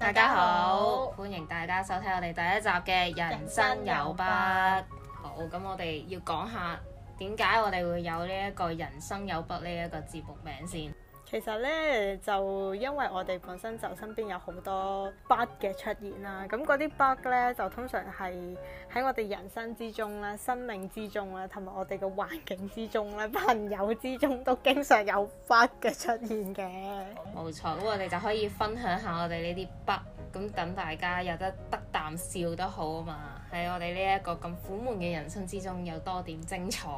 大家好，歡迎大家收睇我哋第一集嘅《人生有筆》。好，咁我哋要講下點解我哋會有呢一個《人生有筆》呢一個節目名先。其實咧，就因為我哋本身就身邊有好多 bug 嘅出現啦，咁嗰啲 bug 咧就通常係喺我哋人生之中啦、生命之中啦，同埋我哋嘅環境之中啦、朋友之中都經常有 bug 嘅出現嘅。冇錯，咁我哋就可以分享下我哋呢啲 bug，咁等大家有得得啖笑都好啊嘛，喺我哋呢一個咁苦悶嘅人生之中有多點精彩。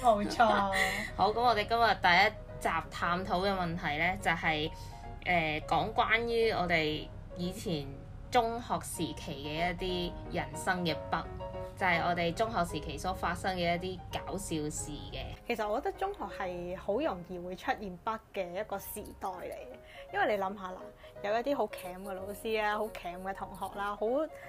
冇錯。 好，咁我哋今日第一集探討嘅問題呢，就係、是、誒、呃、講關於我哋以前中學時期嘅一啲人生嘅 BUG，就係、是、我哋中學時期所發生嘅一啲搞笑事嘅。其實我覺得中學係好容易會出現 BUG 嘅一個時代嚟，嘅，因為你諗下啦，有一啲好 camp 嘅老師啦，好 camp 嘅同學啦，好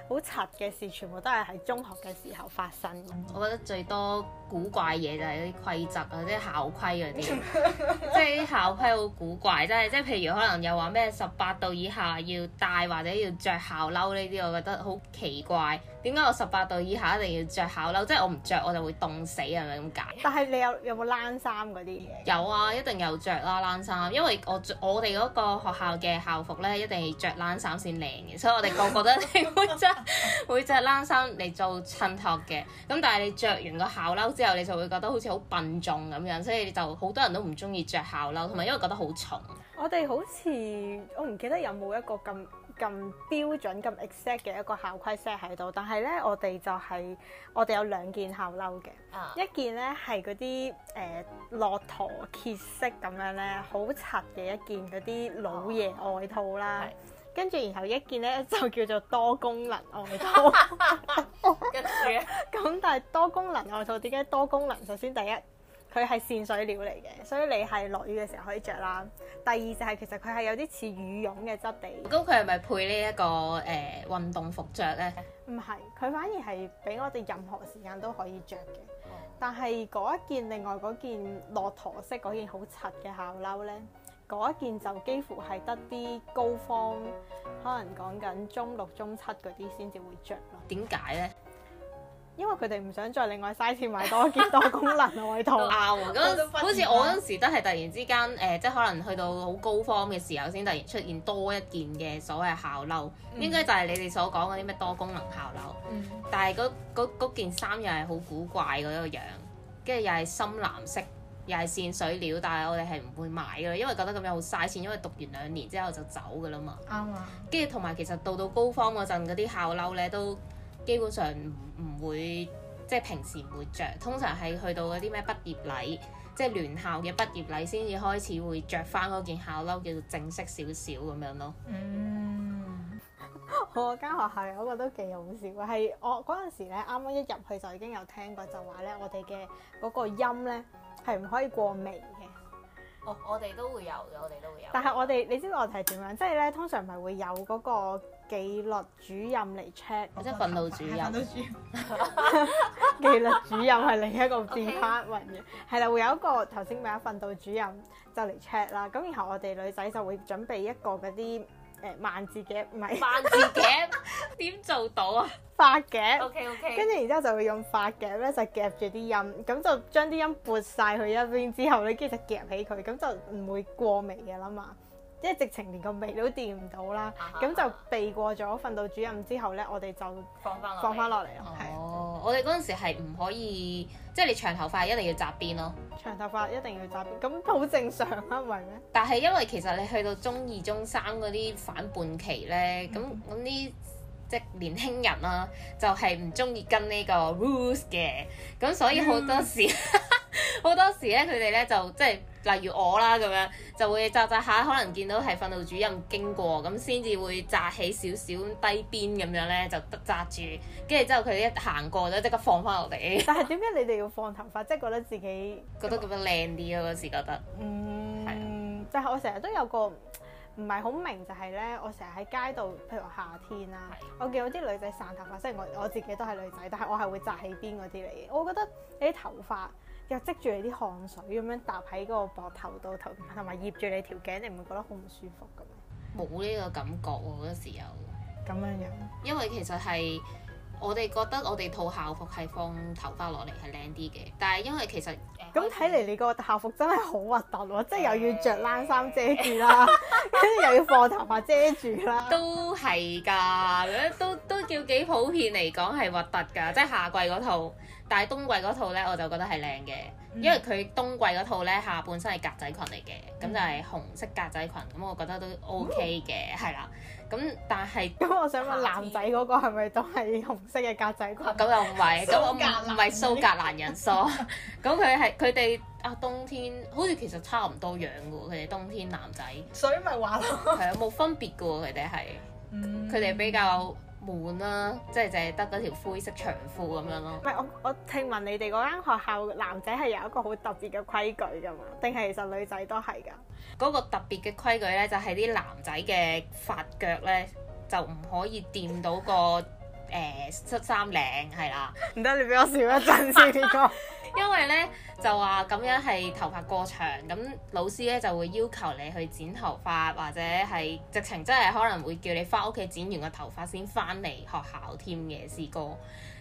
好柒嘅事全部都係喺中學嘅時候發生。我覺得最多。古怪嘢就係啲規則啊，即係校規嗰啲， 即係啲校規好古怪，即係即係譬如可能又話咩十八度以下要戴或者要着校褸呢啲，我覺得好奇怪，點解我十八度以下一定要着校褸？即係我唔着，我就會凍死啊？係咪咁解？但係你有有冇冷衫嗰啲嘢？有啊，一定有着啦冷衫，因為我我哋嗰個學校嘅校服咧，一定係着冷衫先靚嘅，所以我哋個個都一定會着會着冷衫嚟做襯托嘅。咁但係你着完個校褸。之後你就會覺得好似好笨重咁樣，所以就好多人都唔中意着校褸，同埋因為覺得好重。我哋好似我唔記得有冇一個咁咁標準咁 exact 嘅一個校規 set 喺度，但係咧我哋就係、是、我哋有兩件校褸嘅，啊、一件咧係嗰啲誒駱駝茄色咁樣咧好柒嘅一件嗰啲老爺外套啦。啊跟住然後一件咧就叫做多功能外套，跟住咁但係多功能外套點解多功能？首先第一，佢係線水料嚟嘅，所以你係落雨嘅時候可以着啦。第二就係、是、其實佢係有啲似羽絨嘅質地。咁佢係咪配呢、這、一個誒運、呃、動服着咧？唔係，佢反而係俾我哋任何時間都可以着嘅。哦、但係嗰一件另外嗰件駱駝式嗰件好柒嘅校褸咧。嗰一件就幾乎係得啲高方，可能講緊中六中七嗰啲先至會著咯。點解呢？因為佢哋唔想再另外嘥錢買多一件多功能外套啊！嗰陣好似我嗰陣時都係突然之間，誒，即係可能去到好高方嘅時候，先突然出現多一件嘅所謂校褸，應該就係你哋所講嗰啲咩多功能校褸。嗯。但係嗰嗰嗰件衫又係好古怪嗰個樣，跟住又係深藍色。又係線水料，但係我哋係唔會買嘅，因為覺得咁樣好嘥錢，因為讀完兩年之後就走嘅啦嘛。啱啊吧！跟住同埋其實到到高方嗰陣，嗰啲校褸咧都基本上唔會，即係平時唔會着。通常係去到嗰啲咩畢業禮，即係聯校嘅畢業禮先至開始會着返嗰件校褸，叫做正式少少咁樣咯。嗯。我間、哦、學校我覺得都幾好笑，係我嗰陣時咧，啱啱一入去就已經有聽過就呢，就話咧我哋嘅嗰個音咧係唔可以過眉嘅。哦，我哋都會有嘅，我哋都會有。但係我哋，你知道我哋係點樣？即係咧，通常咪會有嗰個紀律主任嚟 check，那個、即係訓導主任。主任。紀律主任係另一個 department 嘅，係啦 Okay.，會有一個頭先咪有訓導主任就嚟 check 啦，咁然後我哋女仔就會準備一個嗰啲。誒、欸、萬字夾唔係萬字夾點 做到啊？髮夾夾 OK OK，跟住然，後然後之後，然後就會用髮夾咧，就夾住啲音，咁就將啲音撥晒去一邊之後咧，跟住就夾起佢，咁就唔會過眉嘅啦嘛。即係直情連個眉都掂唔到啦，咁、uh huh. 就避過咗訓導主任之後咧，我哋就放翻落放翻落嚟。哦，對我哋嗰陣時係唔可以。即係你長頭髮一定要紮辮咯，長頭髮一定要紮辮，咁好正常啊，唔係咩？但係因為其實你去到中二、中三嗰啲反叛期咧，咁咁呢？嗯即年輕人啦、啊，就係唔中意跟呢個 rules 嘅，咁所以好多時好、嗯、 多時咧，佢哋咧就即係例如我啦咁樣，就會紮紮下，可能見到係訓導主任經過，咁先至會紮起少少低辮咁樣咧，就得紮住，跟住之後佢一行過咗，即刻放翻落嚟。但係點解你哋要放頭髮？即、就、係、是、覺得自己 覺得咁樣靚啲咯，嗰時覺得。嗯，啊、就係我成日都有個。唔係好明就係咧，我成日喺街度，譬如話夏天啦，的我見到啲女仔散頭髮，即係我我自己都係女仔，但係我係會紮起邊嗰啲嚟嘅。我覺得你啲頭髮又積住你啲汗水咁樣搭喺個膊頭度頭，同埋醃住你條頸，你唔會覺得好唔舒服嘅咩？冇呢個感覺喎，嗰時候咁樣樣，因為其實係。我哋覺得我哋套校服係放頭髮落嚟係靚啲嘅，但係因為其實咁睇嚟你個校服真係好核突喎，嗯、即係又要着冷衫遮住啦，跟住 又要放頭髮遮住啦，都係㗎，都都叫幾普遍嚟講係核突㗎，即係夏季嗰套，但係冬季嗰套咧我就覺得係靚嘅。因為佢冬季嗰套咧下半身係格仔裙嚟嘅，咁、嗯、就係紅色格仔裙，咁我覺得都 OK 嘅，係啦、嗯。咁但係，我想問次男仔嗰個係咪都係紅色嘅格仔裙？咁又唔係，咁我唔係蘇格蘭人梳。咁佢係佢哋啊，冬天好似其實差唔多樣噶喎，佢哋冬天男仔。所以咪話咯，係啊，冇分別噶喎，佢哋係，佢哋、嗯、比較。滿啦、啊，即係淨係得嗰條灰色長褲咁樣咯。唔，我我聽聞你哋嗰間學校男仔係有一個好特別嘅規矩噶嘛，定係其實女仔都係噶？嗰個特別嘅規矩呢，就係、是、啲男仔嘅髮腳呢，就唔可以掂到個誒恤衫領，係、 呃、啦。唔得，你俾我笑一陣先，因為咧就話咁樣係頭髮過長，咁老師咧就會要求你去剪頭髮，或者係直情真係可能會叫你翻屋企剪完個頭髮先翻嚟學校添嘅。試過。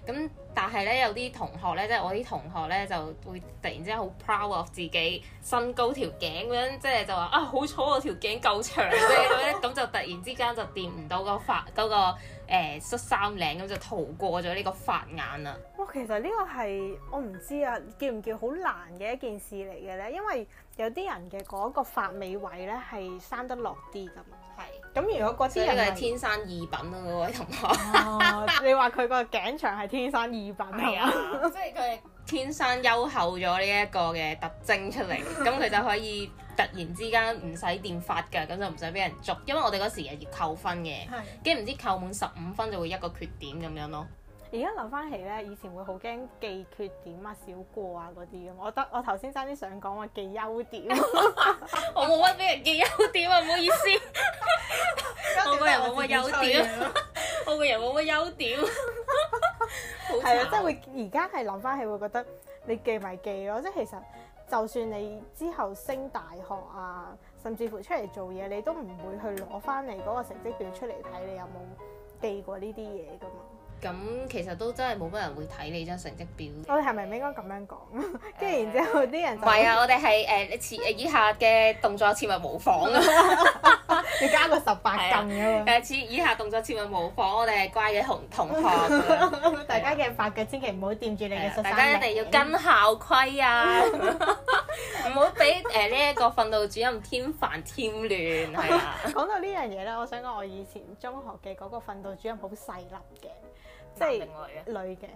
咁但係咧有啲同學咧，即係我啲同學咧就會突然之間好 proud of 自己身高條頸咁樣，即係就話啊好彩我條頸夠長啫，咁 就突然之間就掂唔到個發嗰、嗰個誒，恤衫、呃、領咁就逃過咗呢個法眼啦。哇，其實呢個係我唔知啊，叫唔叫好難嘅一件事嚟嘅咧？因為有啲人嘅嗰個髮尾位咧係生得落啲咁。係對。咁如果嗰人係、就係、天生異品啊，位同學。 哦、你話佢個頸長係天生異品 啊？即係佢。天生優厚咗呢一個嘅特徵出嚟，咁佢 就可以突然之間唔使電髮㗎，咁就唔使俾人捉，因為我哋嗰時係要扣分嘅，跟住唔知扣滿十五分就會一個缺點咁樣咯。而家諗翻起咧，以前會好驚記缺點啊、小過啊嗰啲咁。我覺得我頭先差啲想講話記優點， 我冇乜畀人記優點啊，唔好意思， 我個 人冇乜優點，我個人冇乜優點，係啊，即係會而家係諗翻起會覺得你記咪記咯，即係其實就算你之後升大學啊，甚至乎出嚟做嘢，你都唔會去攞翻你嗰個成績表出嚟睇你有冇記過呢啲嘢噶嘛。咁其實都真係冇乜人會睇你張成績表。我哋係咪應該咁樣講？跟住 然之後啲、欸、人就唔係啊！我哋係誒，次、呃、以下嘅動作切勿模仿啊！你 加個十八禁啊！誒、呃，以下動作切勿模仿。我哋係乖嘅同同學、啊， 大家嘅發嘅千祈唔好掂住你嘅學生、啊。大家一定要跟校規啊！ 唔好俾誒呢一個訓導主任添煩添亂。係啊，講 到呢樣嘢咧，我想講我以前中學嘅嗰個訓導主任好細粒嘅。即係女嘅，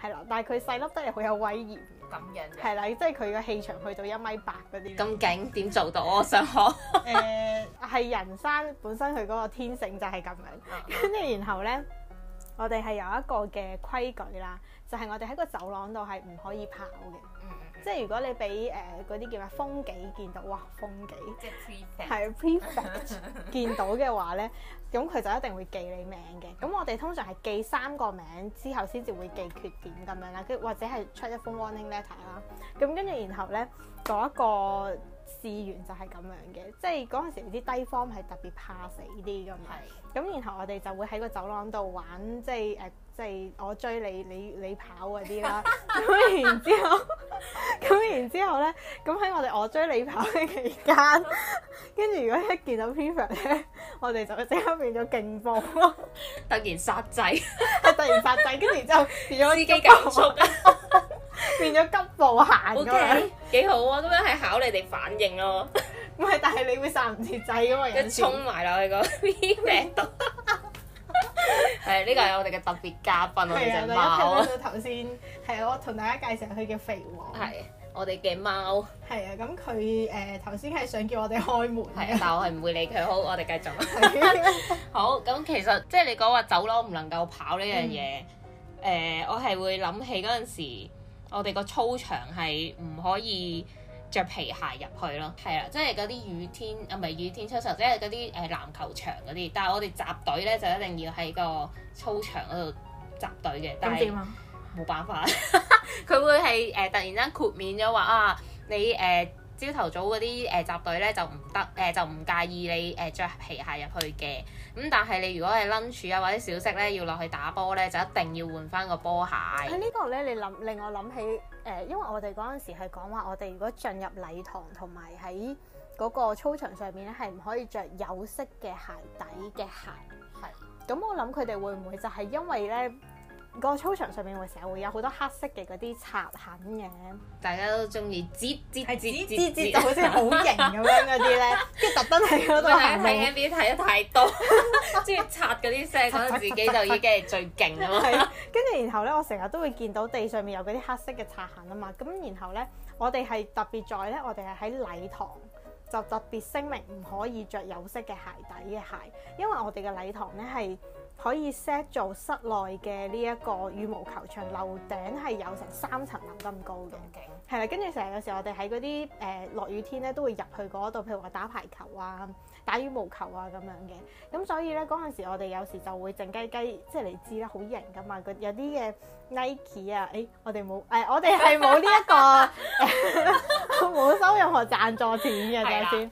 係啦的、oh.，但係佢細粒都係好有威嚴，咁樣係啦，即係佢嘅氣場去到一米八嗰啲。咁勁，點做到？我想學。誒、 呃，係人生本身佢嗰個天性就係咁樣，跟住、oh. 然後咧，我哋係有一個嘅規矩啦，就係、是、我哋喺個走廊度係唔可以跑嘅。即係如果你俾誒嗰啲叫咩風紀見到，哇，風紀，即係 prefect 係 prefect 見到嘅話咧，咁佢 就一定會記你名嘅。咁我哋通常係記三個名之後先至會記缺點咁樣啦，跟或者係出一封 warning letter 啦。咁跟住然後咧，嗰一個事源就係咁樣嘅。即係嗰陣時啲低 form 係特別怕死啲㗎嘛。咁 然後我哋就會喺個走廊度玩，即係誒、呃，即係我追你，你，你跑嗰啲啦。咁然之後。咁然之後咧，咁喺我哋我追你跑嘅期間，跟住如果一見到 Pierre 咧，我哋就會即刻變咗勁步，突然殺掣， 突然殺掣，跟住然之後變咗啲機警，變咗急步行。O K，幾好啊！咁樣係考你哋反應咯。唔係，但係你會殺唔切掣噶嘛？ 一衝埋落去個 Pierre 都係呢個係我哋嘅特別嘉賓啊！呢隻貓。係啊，由聽到頭先係我同大家介紹佢叫肥王。我哋嘅貓係啊，咁佢誒頭先係想叫我哋開門，啊，但係我係唔會理佢。好，我哋繼續。 好咁，其實即係你講話走廊唔能夠跑呢樣嘢，誒、嗯呃，我係會諗起嗰陣時，我哋個操場係唔可以着皮鞋入去咯。係、嗯、啊，即係嗰啲雨天啊，唔係雨天操場，即係嗰啲誒籃球場嗰啲。但係我哋集隊咧就一定要喺個操場嗰度集隊嘅。咁點是冇沒辦法， 佢會係誒突然間豁免咗話啊，你誒朝頭早嗰啲誒集隊咧就唔得，誒、呃、就唔介意你誒著、呃、皮鞋入去嘅。咁但係你如果係 lunch 啊或者小息咧，要落去打波咧，就一定要換翻個波鞋。誒呢個咧，你諗令我諗起誒、呃，因為我哋嗰陣時係講話，我哋如果進入禮堂同埋喺嗰個操場上面，咧，係唔可以着有色嘅鞋底嘅鞋。係。咁我諗佢哋會唔會就係因為咧？個操場上面會成日會有好多黑色嘅嗰啲擦痕嘅，大家都中意摺摺係摺摺摺到好似好型咁樣嗰啲咧，跟住特登喺嗰度睇睇 NBA 睇得太多，中意擦嗰啲聲，覺得自己就已經係最勁啊嘛刷刷刷刷刷。跟 住然後咧，我成日都會見到地上面有嗰啲黑色嘅擦痕啊嘛。咁然後咧，我哋係特別在咧，我哋係喺禮堂就特別聲明唔可以着有色嘅鞋底嘅鞋，因為我哋嘅禮堂咧係。可以 set 做室內嘅呢一個羽毛球場，樓頂係有成三層樓咁高嘅，係啦好。跟住成日有時我哋喺嗰啲誒落雨天咧，都會入去嗰度，譬如話打排球啊、打羽毛球啊咁樣嘅。咁所以咧嗰陣時，我哋有時就會靜雞雞，即係你知啦，好型噶嘛。有啲嘅 Nike 啊，誒、欸，我哋冇，誒、欸，我哋係冇呢一個，冇 收任何贊助錢嘅就先。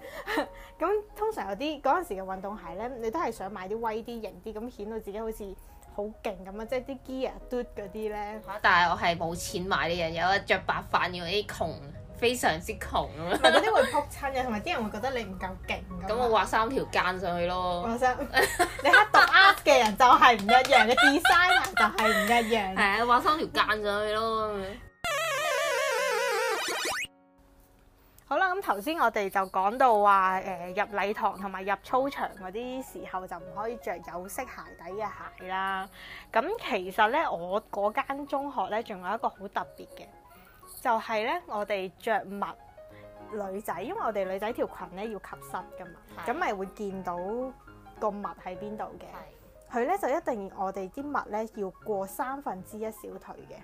咁通常有啲嗰陣時嘅運動鞋咧，你都係想買啲威啲型啲，咁顯到自己好似好勁咁啊！即係啲 gear Dude 嗰啲咧嚇，但係我係冇錢買呢樣，有啊着白飯要啲窮，非常之窮嗰啲 會撲親嘅，同埋啲人會覺得你唔夠勁咁。咁我畫三條間上去咯。畫三，你刻度 Up 嘅人就係唔一樣嘅 design 就係唔一樣。係啊，畫三條間上去咯。 好啦，咁頭先我哋就講到話誒、呃、入禮堂同埋入操場嗰啲時候就唔可以着有色鞋底嘅鞋啦。咁其實咧，我嗰間中學咧仲有一個好特別嘅，就係、是、咧我哋着襪女仔，因為我哋女仔條裙咧要及膝㗎嘛，咁咪是的 會見到個襪喺邊度嘅。佢咧是的 就一定要我哋啲襪咧要過三分之一小腿嘅。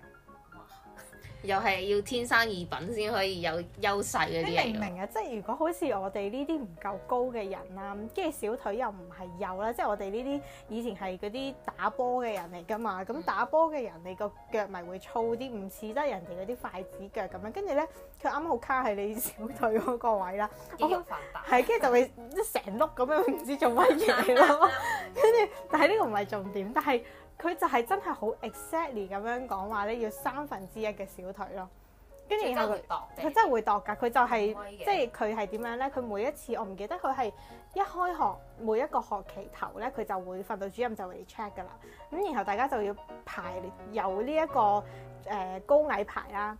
又係要天生異稟先可以有優勢嗰啲人。你明唔明呀？即係如果好似我哋呢啲唔夠高嘅人啦，跟住小腿又唔係幼啦，即係我哋呢啲以前係嗰啲打波嘅人嚟㗎嘛。咁、嗯、打波嘅人，你個腳咪會粗啲，唔似得人哋嗰啲筷子腳咁樣。跟住咧，佢啱好卡喺你小腿嗰 我個位啦，我係跟住就會一成碌咁樣唔知做乜嘢咯。跟住，但係呢個唔係重點，但係。佢就係真係好 exactly 咁樣講話咧，要三分之一嘅小腿咯。跟住然後佢，佢真係會度㗎。佢就係、是、即係佢係點樣咧？佢每一次我唔記得佢係一開學每一個學期頭咧，佢就會訓導主任就嚟 check 㗎啦。咁然後大家就要排由呢一個誒、呃、高矮排啦。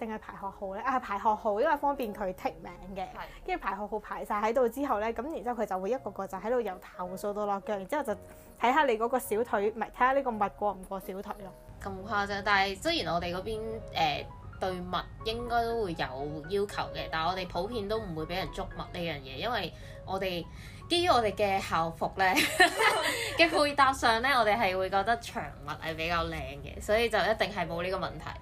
定係排學號咧？啊，排學號，因為方便佢剔名嘅。跟住的排學號排晒喺度之後咧，咁然之後佢就會一個個就喺度由頭數到落腳，然之後就睇下你嗰個小腿，唔係睇下呢個襪過唔過小腿咯。咁誇張，但係雖然我哋嗰邊誒對襪應該都會有要求嘅，但係我哋普遍都唔會俾人捉襪呢樣嘢，因為我哋基於我哋嘅校服咧嘅 配搭上咧，我哋係會覺得長襪係比較靚嘅，所以就一定係冇呢個問題。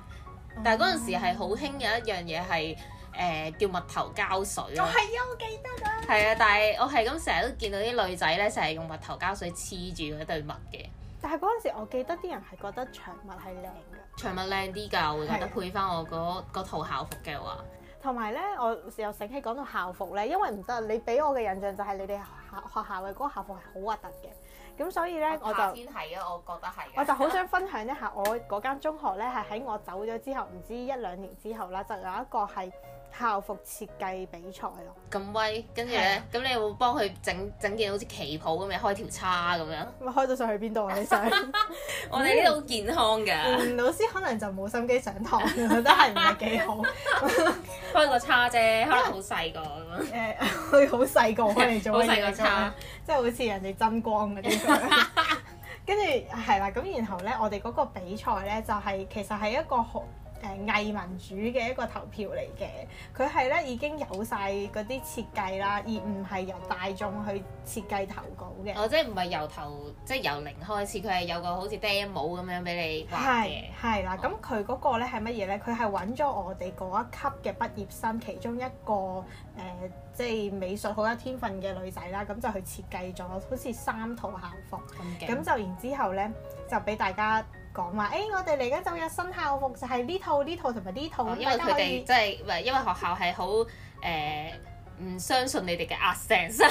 但係嗰陣時係好興有一樣嘢係誒叫蜜頭膠水啊！係 啊，我記得㗎。係啊，但係我係咁成日都見到啲女仔咧，成日用蜜頭膠水黐住嗰對襪嘅。但係嗰陣時，我記得啲人係覺得長襪係靚嘅。長襪靚啲㗎，我會覺得配翻我嗰的套校服嘅話。同埋咧，我時又醒起講到校服咧，因為唔得，你俾我嘅印象就係你哋學學校嘅嗰個校服係好核突嘅。咁所以咧，我就，先係啊，我覺得係。我就好想分享一下，我嗰間中學咧，係喺我走咗之後，唔知一兩年之後啦，就有一個係。校服設計比賽咯，咁威！跟住咧，咁、啊、你有冇幫佢整整件好似旗袍咁樣開條叉咁樣？開到上去邊度、啊、你想？ 我哋呢度好健康㗎、嗯。老師可能就冇心機上堂，都係唔係幾好 開？開個叉啫，可能好細個咁咯。誒，開好細個開嚟做開個叉，即係好似人哋真光嘅。跟住係啦，咁然後咧，我哋嗰個比賽咧，就係、是、其實係一個好。誒偽、呃、民主嘅一個投票嚟嘅，佢係咧已經有晒嗰啲設計啦，而唔係由大眾去設計投稿嘅。哦，即係唔係由頭，即係由零開始，佢係有個好似 demo 咁樣俾你畫嘅。係係啦，咁佢嗰個咧係乜嘢咧？佢係揾咗我哋嗰一級嘅畢業生其中一個誒、呃，即係美術好有天分嘅女仔啦，咁就去設計咗好似三套校服。咁嘅、嗯。咁就然之後咧，就俾大家。講話，誒、哎，我哋嚟緊就有新校服，就係、是、呢套、呢套同埋呢套，哦，因為都可以即係唔係因為學校係好誒？呃唔相信你哋嘅 a s e n c e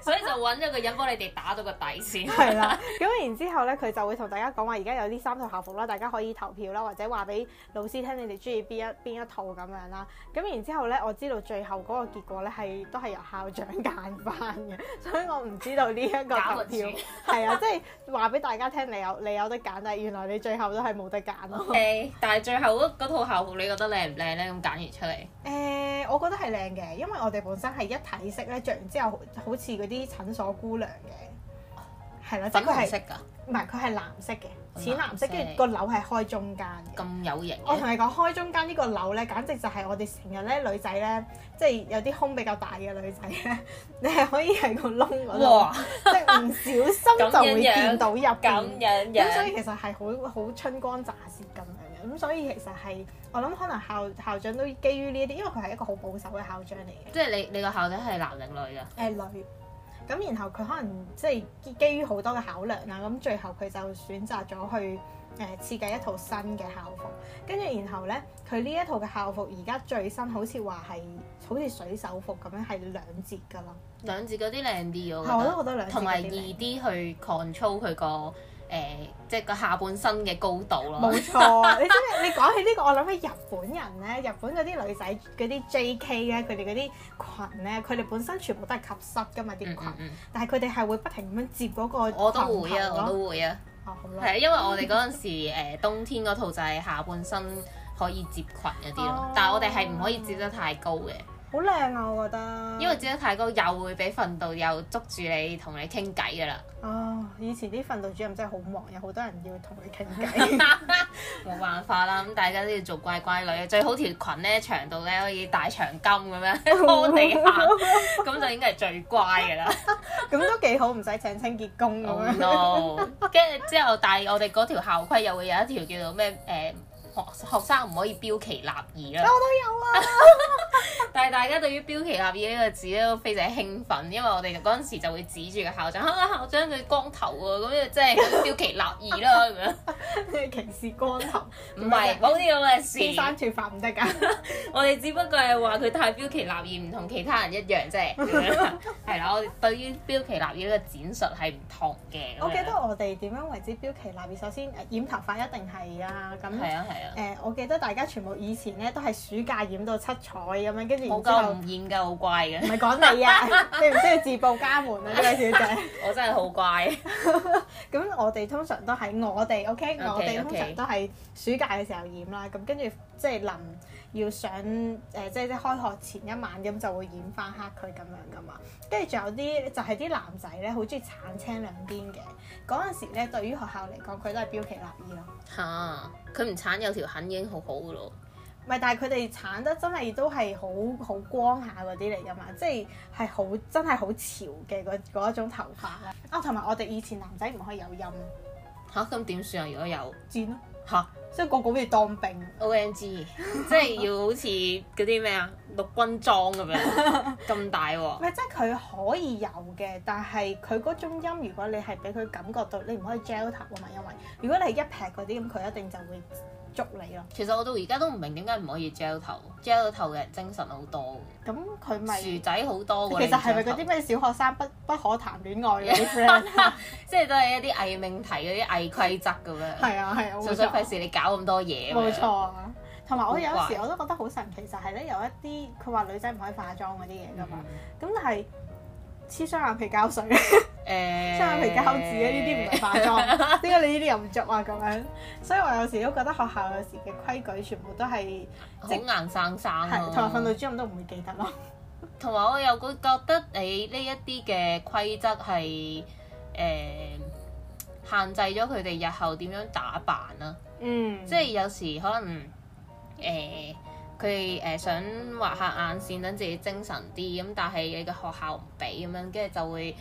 所以就揾咗個人幫你哋打咗個底線 係啦，咁然之後咧，佢就會同大家講話，而家有呢三套校服啦，大家可以投票啦，或者話俾老師聽你哋中意邊一邊一套咁樣啦。咁然之後咧，我知道最後嗰個結果咧係都係由校長揀翻嘅，所以我唔知道呢一個投票係啊，即係話俾大家聽你有你有得揀，但原來你最後都係冇得揀咯。Okay, 但係最後嗰套校服你覺得靚唔靚咧？咁揀完出嚟誒、呃，我覺得係靚嘅。因為我哋本身係一體式，咧，著完之後好似嗰啲診所姑娘嘅，係咯，即係色㗎？唔係，佢係藍色嘅，淺藍色，跟住色個褸係開中間嘅。咁有型！我同你講，開中間個褸呢個褸咧，簡直就係我哋成日咧女仔咧，即係有啲胸比較大嘅女仔咧，你 係可以喺個窿嗰度，哇即係唔小心就會見到入邊。咁 樣咁，樣所以其實係好好春光乍泄咁。咁所以其實係，我諗可能校校長都基於呢啲，因為佢係一個好保守嘅校長嚟嘅、呃。即係你你個校長係男定女㗎？誒女。咁然後佢可能即係基於好多嘅考量啦，咁最後佢就選擇咗去誒、呃、設計一套新嘅校服。跟住然後咧，佢呢一套嘅校服而家最新好似話係好似水手服咁樣，係兩截㗎啦。兩截嗰啲靚啲，我。係我都覺得兩截。同埋易啲去 control 佢個。誒、呃，即係個下半身嘅高度咯。冇錯， 你真係你講起呢、呢個，我諗起日本人咧，日本嗰啲女仔嗰啲 J.K. 咧，佢哋嗰啲裙咧，佢哋本身全部都係及膝㗎嘛，啲裙，嗯嗯嗯，但係佢哋係會不停咁樣摺嗰個。我都會啊，我都會啊。哦、好啦。係啊，因為我哋嗰陣時、呃、冬天嗰套就係下半身可以摺裙嗰啲咯， 但係我哋係唔可以摺得太高嘅。好靚啊！我覺得，因為剪得太高又會俾訓導又捉住你同你傾偈噶啦。哦，以前啲訓導主任真係好忙，有好多人要同你傾偈。冇 辦法啦，咁大家都要做乖乖女，最好條裙咧長度咧可以大長襟咁 樣拖地啊，咁就應該係最乖噶啦。咁都幾好，唔使請清潔工咁樣。no，跟住之後，但係我哋嗰條校規又會有一條叫做咩誒？呃學學生唔可以標奇立異啦。我都有啊。 但係大家對於標奇立異呢、這個字都非常興奮，因為我哋嗰陣時就會指住個校長，啊、校長佢光頭啊，咁即係標奇立異啦咁樣。你 歧視光頭？唔係冇啲咁嘅事。三寸法唔得㗎。 我哋只不過係話佢太標奇立異，唔同其他人一樣啫。係 啦，我對於標奇立異嘅展述係唔同嘅。我記得我哋點樣為之標奇立異？首先染頭髮一定係啊，咁係啊係啊。 誒、欸，我記得大家全部以前咧都係暑假染到七彩咁樣，跟住然之後唔染㗎，好后怪嘅。唔係講你啊， 你唔需要自報家門啊，呢位小姐。 我真係好怪。咁 我哋通常都係我哋，OK，, okay 我哋通常都係暑假嘅時候染啦，咁跟住即係淋。要上誒，呃，即係啲開學前一晚咁就會染翻黑佢咁樣噶嘛，跟住仲有啲就係啲男仔咧，好中意鏟青兩邊嘅。嗰陣時咧，對於學校嚟講，佢都係標奇立異咯。嚇！啊！佢唔鏟有條痕已經好好噶咯。咪，但係佢哋鏟得真係都係好好光下嗰啲嚟噶嘛，即係係好真係好潮嘅嗰一種頭髮嘅啊，同埋我哋以前男仔唔可以有陰。吓？啊？咁點算啊？如果有剪咯。嚇！即係哈個個要當兵，O N G， 即係要好似嗰啲咩啊陸軍裝咁樣咁大喎。唔係，即係佢可以有嘅，但係佢嗰種音，如果你係俾佢感覺到你，你唔可以 gel top 啊嘛。因為如果你係一劈嗰啲咁，佢一定就會。捉你咯！其實我到而家都唔明點解唔可以 gel 頭 gel 頭嘅精神好多。咁佢咪薯仔好多？其實係咪嗰啲咩小學生不不可談戀愛嘅？ 即係都係一啲偽命題嗰啲偽規則咁樣。係啊係啊，純粹費事你搞咁多嘢。冇錯啊！同埋我有時我都覺得好神奇，就係咧有一啲佢話女仔唔可以化妝嗰啲嘢噶嘛，咁、嗯、但係。黐雙眼皮膠水， 雙眼皮膠紙呢啲唔係化妝，點解 你呢啲又唔着啊咁樣？所以我有時都覺得學校有時嘅規矩全部都係整硬生生，同埋瞓到中午、um、都唔會記得咯。同埋、嗯、 我又會覺得你呢一啲嘅規則係誒、呃、限制咗佢哋日後點樣打扮啦、啊。嗯，即係有時可能誒。呃佢誒、呃、想畫下眼線，等自己精神啲咁，但係你嘅學校唔俾咁樣，跟住就會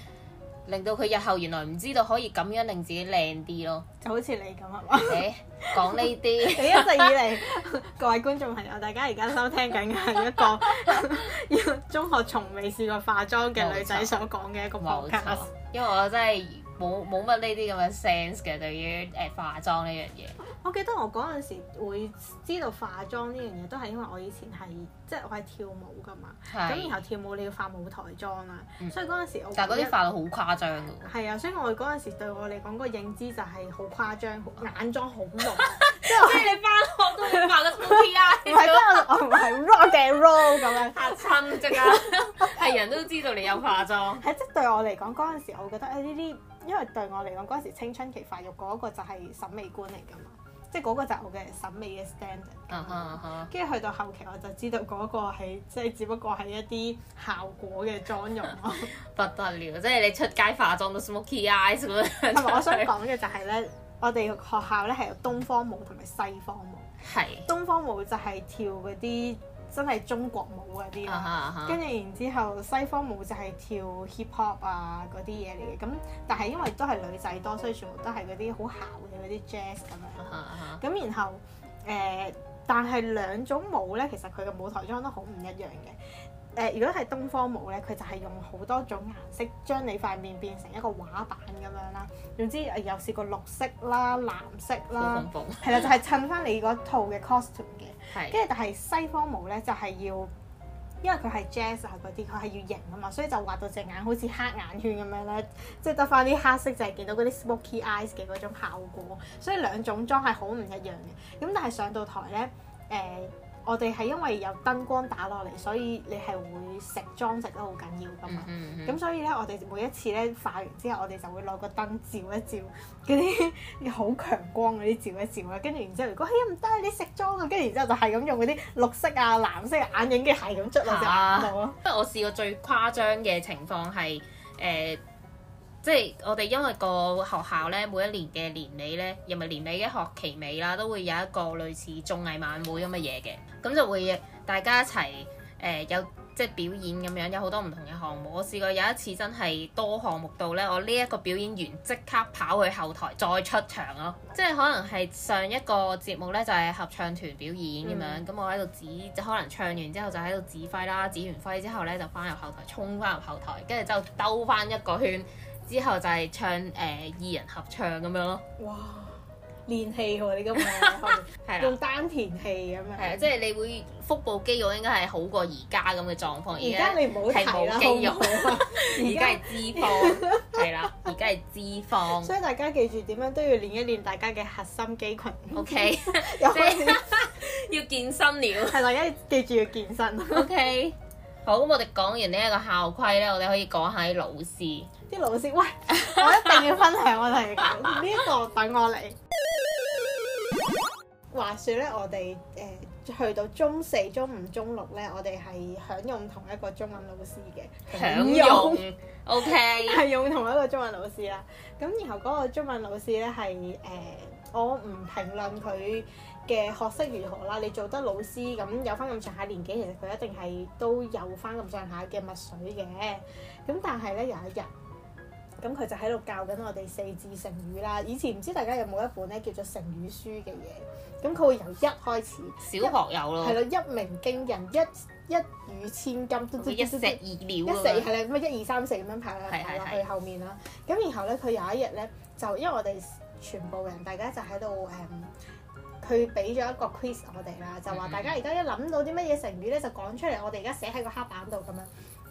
令到佢日後原來唔知道可以咁樣令自己靚啲咯。就好似你咁係嘛？講呢啲，你 一直以嚟 各位觀眾朋友，大家而家收聽緊係一個 因為中學從未試過化妝嘅女仔所講嘅一個 podcast。因為我真係。冇冇乜呢啲咁嘅 sense 嘅，對於誒化妝呢樣嘢。我記得我嗰陣時會知道化妝呢樣嘢，都係因為我以前係即係我係跳舞㗎嘛，咁是然後跳舞你要化舞台妝啊，所以嗰陣時我、嗯、但係嗰啲化到好誇張嘅。係啊，所以我嗰陣時對我嚟講，嗰個認知就係好誇張，眼妝好濃， 即係你返學都會化個 TIA，唔係返學我唔係 rock and roll 咁樣，嚇親啫㗎，係人都知道你有化妝。係即係對我嚟講，嗰陣時我覺得誒呢啲。因為對我嚟講，嗰陣時青春期發育嗰個就係審美觀嚟㗎嘛，即係嗰個就係我嘅審美嘅 standard。啊哈啊哈！跟住去到後期我就知道嗰個係即係只不過係一啲效果嘅妝容咯。 不得了！即係你出街化妝都 smoky eyes 咁，同埋我想講嘅就係、是、呢， 我哋學校呢係有東方舞同埋西方舞。係。 東方舞就係跳嗰啲。真係中國舞嗰啲啦，跟住、uh huh, uh huh. 然之後，後西方舞就係跳 hip hop 啊嗰啲嘢嚟嘅，咁但係因為都係女仔多，所以全部都係嗰啲好姣嘅嗰啲 jazz 咁樣。咁、uh huh, uh huh. 然後誒、呃，但係兩種舞咧，其實佢嘅舞台裝都好唔一樣嘅。誒、呃，如果係東方舞咧，佢就係用好多種顏色將你塊面變成一個畫板咁樣啦。總之又有試過綠色啦、藍色啦，係啦分， 就係襯翻你嗰套嘅 costume 嘅。跟住的，但係西方舞咧就係要，因為佢係 jazz 啊嗰啲，佢係要型啊嘛，所以就畫到隻眼好似黑眼圈咁樣咧，即係得翻啲黑色，就係、是、見到嗰啲 smoky eyes 嘅嗰種效果。所以兩種妝係好唔一樣嘅。咁但係上到台咧，誒、呃。我哋係因為有燈光打落嚟，所以你係會食妝食得好緊要㗎嘛。咁、嗯嗯、所以咧，我哋每一次咧化完之後，我哋就會攞個燈照一照，嗰啲好強光嗰啲照一照啦。跟住然之後，如果係唔得你食妝啊，跟住然之後就係咁用嗰啲綠色啊、藍色、啊、眼影嘅係咁捽落隻眼度啊。不過、啊、 我試過最誇張嘅情況係誒，即、呃、係、就是、我哋因為個學校咧每一年嘅年尾咧，又唔係年尾一學期尾啦，都會有一個類似綜藝晚會咁嘅嘢嘅。咁就會大家一齊誒、呃、有即係表演咁樣，有好多唔同嘅項目。我試過有一次真係多項目到呢，我呢一個表演完即刻跑去後台再出場咯。即係可能係上一個節目呢，就係、是、合唱團表演咁樣，咁我喺度指就可能唱完之後就喺度指揮啦，指完揮之後呢，就翻入後台，衝翻入後台，跟住就兜翻一個圈，之後就係唱誒、呃、二人合唱咁樣咯。哇。練氣喎，啊，你咁樣 了用丹田氣咁樣。係啊，即係你會腹部肌肉應該係好過而家咁嘅狀況。而家你唔好睇冇肌肉。而家係脂肪，係啦， 而家係脂肪。所以大家記住點樣都要練一練大家嘅核心肌群。O Okay . K， 要健身了。係啦，而家記住要健身。O K。好，咁我哋講完呢一個校規咧，我哋可以講下啲老師。啲老師，喂，我一定要分享我哋嘅呢個，等我嚟。話説咧，我哋誒去到中四、中五、中六咧，我哋係享用同一個中文老師嘅。享用，OK，係用同一個中文老師啦。咁然後嗰個中文老師咧係誒，我唔評論佢。嘅學識如何啦。你做得老師咁有翻咁上下年紀，其實佢一定係都有翻咁上下嘅墨水嘅。咁但係咧有一日，咁佢就喺度教緊我哋四字成語啦。以前唔知大家有冇一本咧叫做成語書嘅嘢？咁佢會由一開始，小學有咯，係咯，一鳴驚人，一一語千金，都一石二鳥一，一四係啦，乜一二三四咁樣排啦，排落去後面啦。咁然後咧佢有一日咧，就因為我哋全部人大家就喺度誒。嗯去俾咗一個 quiz 我哋啦，就話大家而家一諗到啲乜嘢成語咧，就講出嚟，我哋而家寫喺個黑板度咁樣。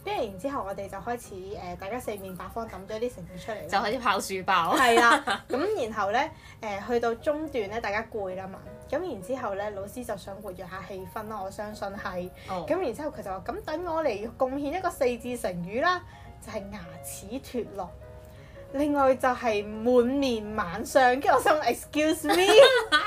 跟住然之後，我哋就開始誒、呃，大家四面八方揼咗啲成語出嚟，就係啲爆樹爆。係 啦、嗯，咁然後咧誒、呃，去到中段咧，大家攰啦嘛，咁然之後咧，老師就想活躍下氣氛咯，我相信係。哦、oh。咁然之後佢就話，咁等我嚟貢獻一個四字成語啦，就係、是、牙齒脫落。另外就係滿面晚霜。跟住 我想 excuse me。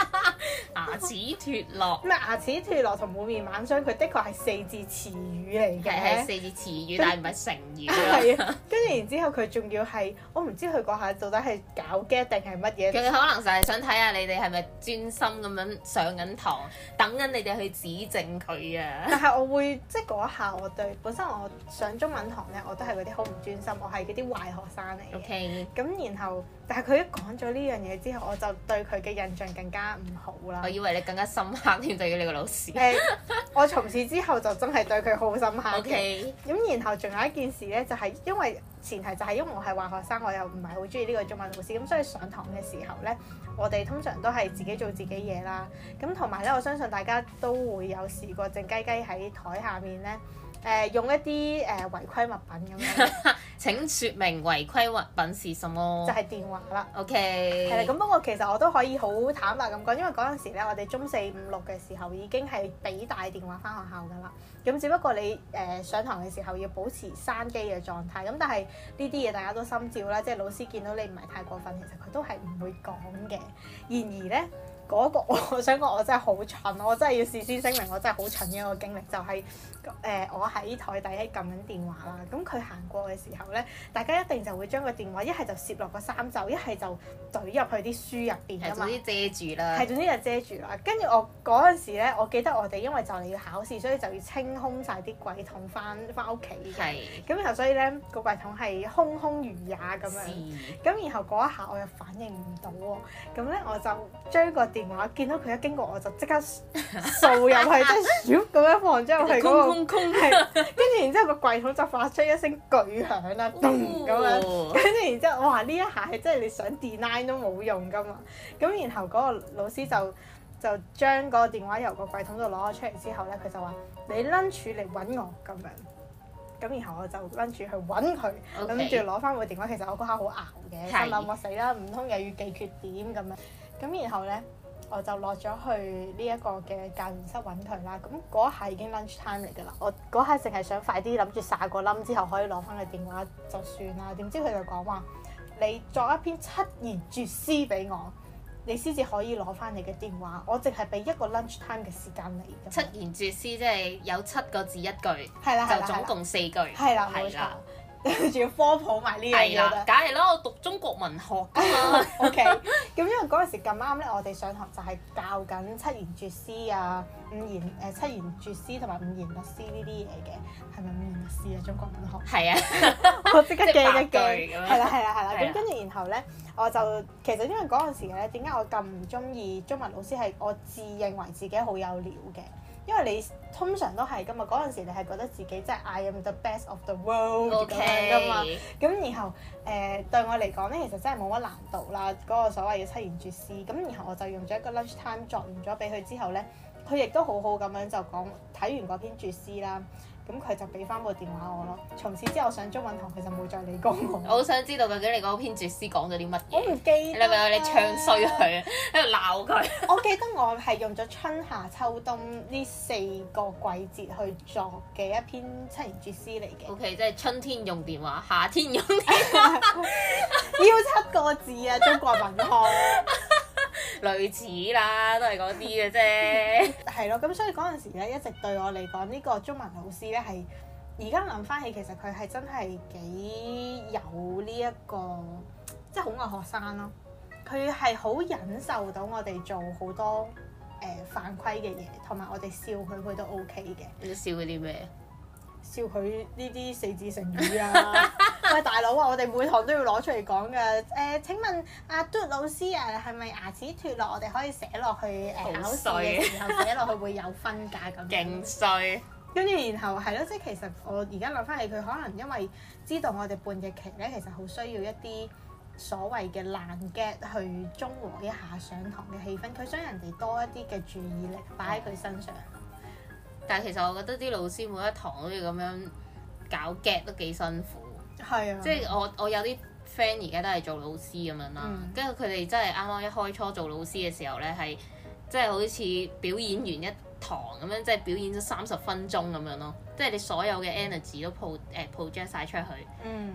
牙齒脫落咩、哦？牙齒脫落同滿面晚霜，佢的確係四字詞語嚟嘅，係四字詞語，他但係唔係成語。係啊，跟住 然之後佢仲要係，我唔知佢嗰下到底係搞驚定係乜嘢。佢哋可能就係想睇下你哋係咪專心咁樣上緊堂，等緊你哋去指正佢啊。但係我會即係嗰下，我對本身我上中文堂咧，我都係嗰啲好唔專心，我係嗰啲壞學生嚟。OK，咁然後。但係佢一講咗呢樣嘢之後，我就對佢嘅印象更加唔好啦。我以為你更加深刻添對於你個老師。 欸、我從此之後就真係對佢好深刻嘅。咁 Okay. 然後仲有一件事呢，就係、係、因為前提就係因為我係壞學生，我又唔係好中意呢個中文老師，咁所以上堂嘅時候呢，我哋通常都係自己做自己嘢啦。咁同埋呢，我相信大家都會有試過靜雞雞喺台下面呢。誒、呃、用一啲誒、呃、違規物品咁樣， 請説明違規物品是什麼？就係電話啦。OK。係啦，咁不過其實我都可以好坦白咁講，因為嗰陣時咧，我哋中四、五、六嘅時候已經係俾帶電話返學校㗎啦。咁只不過你誒、呃、上堂嘅時候要保持關機嘅狀態。咁但係呢啲嘢大家都心照啦，即係老師見到你唔係太過分，其實佢都係唔會講嘅。然而咧。嗰個我想講，我真係好蠢，我真係要事先聲明，我真係好蠢嘅一個經歷，就係、是、誒、呃、我喺台底喺撳緊電話啦。咁佢行過嘅時候咧，大家一定就會將個電話一係就攝落個衫袖，一係就懟入去啲書入邊咁嘛。係，總之遮住啦。係，總之就遮住啦。跟住我嗰陣時咧，我記得我哋因為就嚟要考試，所以就要清空晒啲櫃桶翻翻屋企。係。咁是然後所以咧，個櫃桶係空空如也咁樣。咁是然後嗰一下我又反應唔到喎。咁咧我就將個。電話見到佢一經過我就即刻掃入去，即係咁樣放完之後係嗰個，係跟住然之後，然後個櫃桶就發出一聲巨響啦，咚咁樣，哦，跟住然之後，哇！呢一下係真係你想 deny 都冇用噶嘛。咁然後嗰個老師就就將個電話由個櫃桶度攞咗出嚟之後咧，佢就話：你 lunch 嚟揾我咁樣。咁然後我就 lunch 去揾佢，諗住攞翻部電話。其實我嗰下好熬嘅，心諗我死啦，唔通又要記缺點咁樣。咁然後咧。我就落咗去呢一個嘅教員室揾佢啦，咁嗰下已經 lunch time 嚟㗎啦，我嗰下淨係想快啲諗住撒個冧之後可以攞翻佢電話就算啦，點知佢就講話，你作一篇七言絕詩俾我，你先至可以攞翻你嘅電話，我淨係俾一個 lunch time 嘅時間你。七言絕詩即係有七個字一句，係啦，就總共四句，係啦，冇錯。仲 要科普埋呢樣嘢，梗係咯！我讀中國文學噶嘛 ，OK。咁因為嗰陣時咁啱咧，我哋上堂就係教緊七言絕詩啊、五言誒、呃、七言絕詩同埋五言律詩呢啲嘢嘅，係咪五言律詩啊？中國文學係啊， 我即刻記記記，係啦係啦係啦。咁跟住然後咧，我就其實因為嗰陣時咧，點解我咁唔中意中文老師係我自認為自己好有料嘅。因為你通常都係噶嘛，嗰陣時你係覺得自己即係 I am the best of the world 咁 Okay. 樣噶嘛，咁然後誒、呃、對我嚟講咧，其實真係冇乜難度啦，嗰、嗰個所謂嘅七言絕詩，咁然後我就用咗一個 lunch time 作完咗俾佢之後咧，佢亦都好好咁樣就講睇完嗰篇絕詩啦。咁佢就俾翻部電話我咯。從此之後上中文堂，佢就冇再理過我。 我好想知道究竟你嗰篇絕詩講咗啲乜嘢？我唔記得。你咪有你唱衰佢，啊？喺度鬧佢。我記得我係用咗春夏秋冬呢四個季節去作嘅一篇七言絕詩嚟嘅。Okay，即係春天用電話，夏天用電話， 要七個字啊！中國文學。類似啦，都係嗰啲嘅啫。係咯，咁所以嗰陣時咧，一直對我嚟講呢個中文老師咧，係而家諗翻起，其實佢係真係幾有呢、這、一個，即係好愛學生咯。佢係好忍受到我哋做好多誒、呃、犯規嘅嘢，同埋我哋笑佢，佢都 OK 嘅。你笑佢啲咩？笑佢呢啲四字成語啊！ 喂，大佬啊！我哋每堂都要攞出嚟講噶。誒、呃，請問阿嘟、啊、老師啊，係咪牙齒脫落？我哋可以寫落去誒考試嘅時候寫落去會有分界咁。勁衰 壞！跟住然後係咯，即係其實我而家諗翻起佢可能因為知道我哋半日期咧，其實好需要一啲所謂嘅爛 get 去中和一下上堂嘅氣氛，佢將人哋多一啲嘅注意力擺喺佢身上。Okay. 但係其實我覺得啲老師每一堂好似咁樣搞 get 都幾辛苦。係啊，即係我我有啲 friend 而家都係做老師咁樣啦，跟住佢哋真係啱啱一開初做老師嘅時候咧，係即係好似表演完一堂咁樣，即係表演咗三十分鐘咁樣咯，即係你所有嘅 energy 都 po、嗯呃、project 晒出去，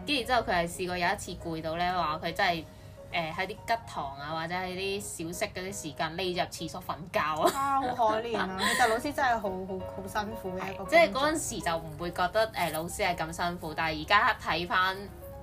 跟住之後佢係試過有一次攰到咧話佢真係。誒喺啲吉堂啊，或者喺啲小息嗰啲時間匿入廁所瞓覺啊，啊！好可憐啊！ 其實老師真係好好好辛苦嘅一個。即係嗰陣時就唔會覺得誒老師係咁辛苦，但係而家睇翻，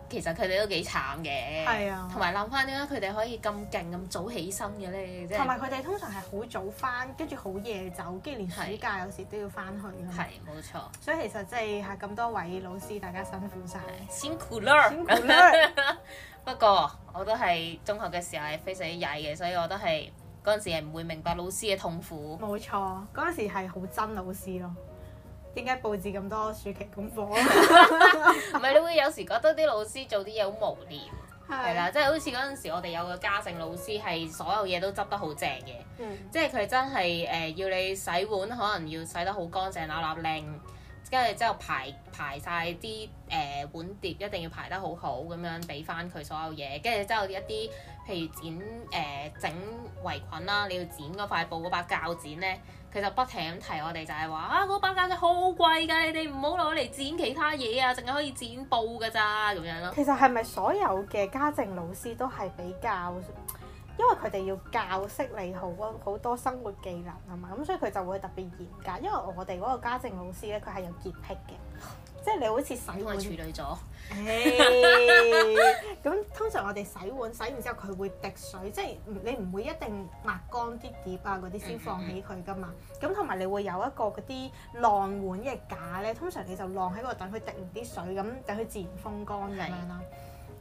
其實佢哋都幾慘嘅。係啊。同埋諗翻點解佢哋可以咁勁咁早起身嘅咧？同埋佢哋通常係好早翻，跟住好夜走，跟住連暑假有時都要翻去。係冇對錯。所以其實即係係咁多位老師，大家辛苦晒，辛苦啦！ 不過我都係中學嘅時候係非常之曳嘅，所以我都係嗰陣時係唔會明白老師嘅痛苦。冇錯，嗰陣時係好憎老師咯。點解布置咁多暑期功課？唔係你會有時覺得啲老師做啲嘢好無聊？係啦的，即係好似嗰陣時我哋有個家政老師係所有嘢都執得好正嘅，嗯、即係佢真係誒、呃、要你洗碗，可能要洗得好乾淨，粒粒靚。跟住之後排排曬啲誒碗碟，一定要排得好好咁樣，俾翻佢所有嘢。跟住之後一啲譬如剪誒、呃、整圍裙啦，你要剪嗰塊布嗰把鉸剪咧，佢就不停咁提我哋就係話啊，嗰把鉸剪好貴㗎，你哋唔好攞嚟剪其他嘢啊，淨係可以剪布㗎咋咁樣咯。其實係咪所有嘅家政老師都係比較？因為佢哋要教識你好多好多生活技能啊嘛，咁所以佢就會特別嚴格。因為我哋嗰個家政老師咧，佢係有潔癖嘅，即係你好似洗碗，我處理咗。咁、哎、 通常我哋洗碗洗完之後，佢會滴水，即係你唔會一定抹乾啲碟啊嗰啲先放起佢㗎嘛。咁同埋你會有一個嗰啲晾碗嘅架咧，通常你就晾喺嗰度等佢滴完啲水，咁等佢自然風乾咁樣啦。嗯嗯，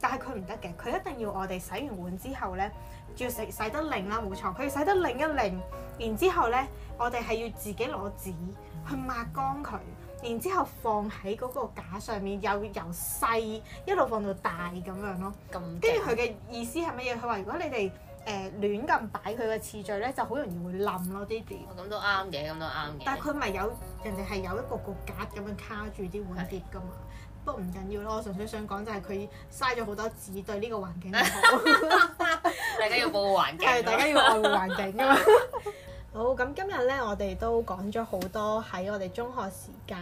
但係佢唔得嘅，佢一定要我哋洗完碗之後咧。要洗得洗得凍啦，冇錯。佢洗得凍一凍，然之後咧，我哋係要自己攞紙去抹乾佢，然之後放喺嗰個架上面，又由細一路放到大咁樣咯。咁跟住佢嘅意思係乜嘢？佢話如果你哋誒亂咁擺佢個次序咧，就好容易會冧咯啲碟。咁都啱嘅，咁都啱嘅。但係佢咪有人哋係有一個個架咁樣卡住啲碗碟噶嘛？都唔緊要咯，我純粹想講就係佢嘥咗好多紙，對呢個環境好, 好。大家要保護環境，大家要愛護環境啊嘛。好，咁今日咧，我哋都講咗好多喺我哋中學時間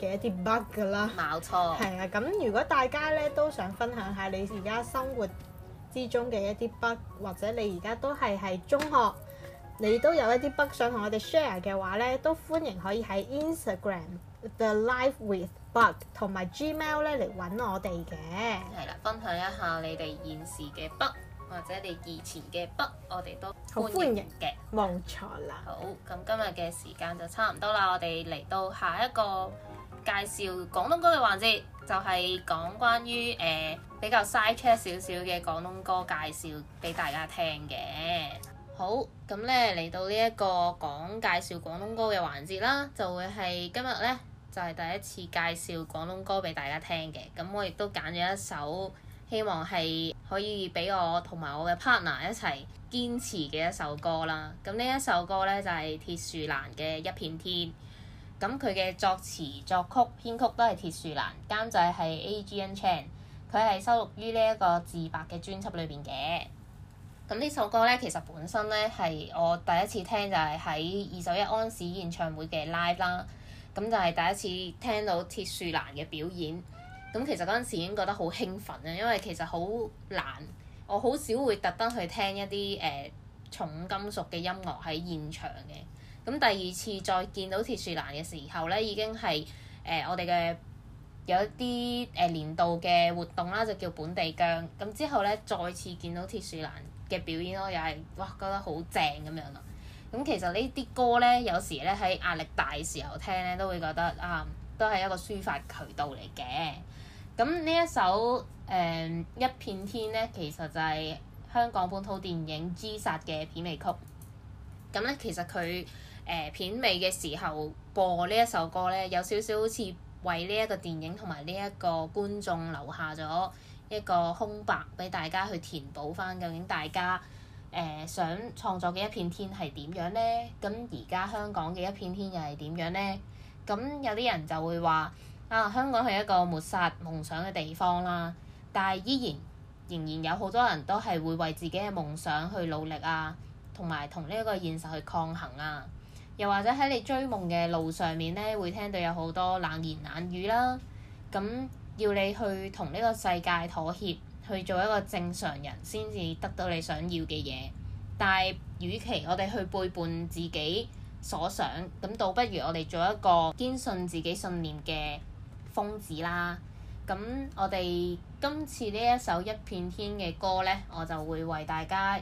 嘅一啲 bug 噶啦，冇、嗯、錯。係啊，咁如果大家咧都想分享下你而家生活之中嘅一啲 bug，或者你而家都係喺中學，你都有一啲 bug 想同我哋 share 嘅話咧，都歡迎可以喺 Instagram The Life With。同埋 Gmail 咧嚟揾我哋嘅。係啦，分享一下你哋現時嘅 BUG，或者你以前嘅 BUG，我哋都好歡迎嘅，冇錯啦。好，咁今日嘅時間就差唔多啦，我哋嚟到下一個介紹廣東歌嘅環節，就係、是、講關於誒、呃、比較 side track 少少嘅廣東歌介紹俾大家聽嘅。好，咁呢嚟到呢、這、一個講介紹廣東歌嘅環節啦，就會係今日呢。就係第一次介紹廣東歌俾大家聽嘅，咁我亦都揀咗一首，希望係可以俾我同埋我嘅 partner 一齊堅持嘅一首歌啦。咁呢一首歌呢，就係鐵樹蘭嘅《一片天》，咁佢嘅作詞作曲編曲都係鐵樹蘭，監製係 AGN Chan。佢係收錄於呢一個自白嘅專輯裏邊嘅。咁呢首歌呢，其實本身呢，係我第一次聽就係喺二十一安士演唱會嘅 live 啦。咁就係第一次聽到鐵樹蘭嘅表演，咁其實嗰陣時已經覺得好興奮呀，因為其實好難，我好少會特登去聽一啲誒、呃、重金屬嘅音樂喺現場嘅。咁第二次再見到鐵樹蘭嘅時候咧，已經係誒、呃、我哋嘅有一啲誒年度嘅活動啦，就叫本地薑。咁之後咧，再次見到鐵樹蘭嘅表演咯，又係哇覺得好正咁樣啦～咁其實呢啲歌呢，有時呢喺壓力大嘅時候聽呢，都會覺得啊，都係一個抒發渠道嚟嘅。咁呢一首誒、嗯《一片天》呢，其實就係香港本土電影《G 殺》嘅片尾曲。咁呢，其實佢誒、呃、片尾嘅時候播呢一首歌呢，有少少好似為呢一個電影同埋呢一個觀眾留下咗一個空白，俾大家去填補翻究竟大家。誒、呃、想創作嘅一片天係點樣呢？咁而家香港嘅一片天又係點樣呢？咁有啲人就會話啊，香港係一個抹殺夢想嘅地方啦。但係依然仍然有好多人都係會為自己嘅夢想去努力啊，同埋同呢一個現實去抗衡啊。又或者喺你追夢嘅路上面呢，會聽到有好多冷言冷語啦、啊。咁要你去同呢個世界妥協。去做一個正常人先至得到你想要嘅嘢，但係，與其我哋去背叛自己所想，咁倒不如我哋做一個堅信自己信念嘅瘋子啦。咁我哋今次呢一首《一片天》嘅歌呢，我就會為大家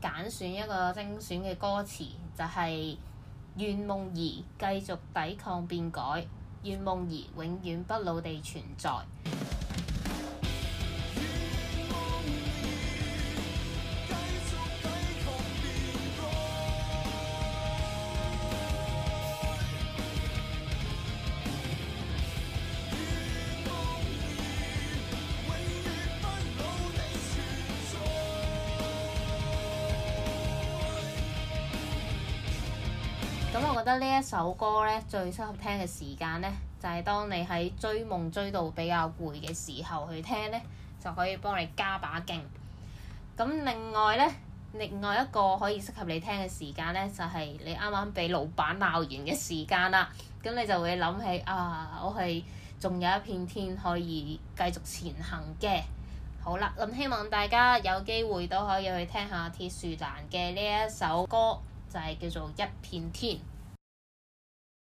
揀選一個精選嘅歌詞，就係《願夢兒繼續抵抗變改，願夢兒永遠不老地存在》。呢一首歌呢，最適合聽嘅時間呢，就係當你喺追夢追到比較攰嘅時候去聽呢，就可以幫你加把勁。咁另外呢，另外一個可以適合你聽嘅時間呢，就係你啱啱俾老闆鬧完嘅時間啦。咁你就會諗起啊，我係仲有一片天可以繼續前行嘅。好啦，咁，嗯，希望大家有機會都可以去聽下鐵樹蘭嘅呢一首歌，就係叫做《一片天》。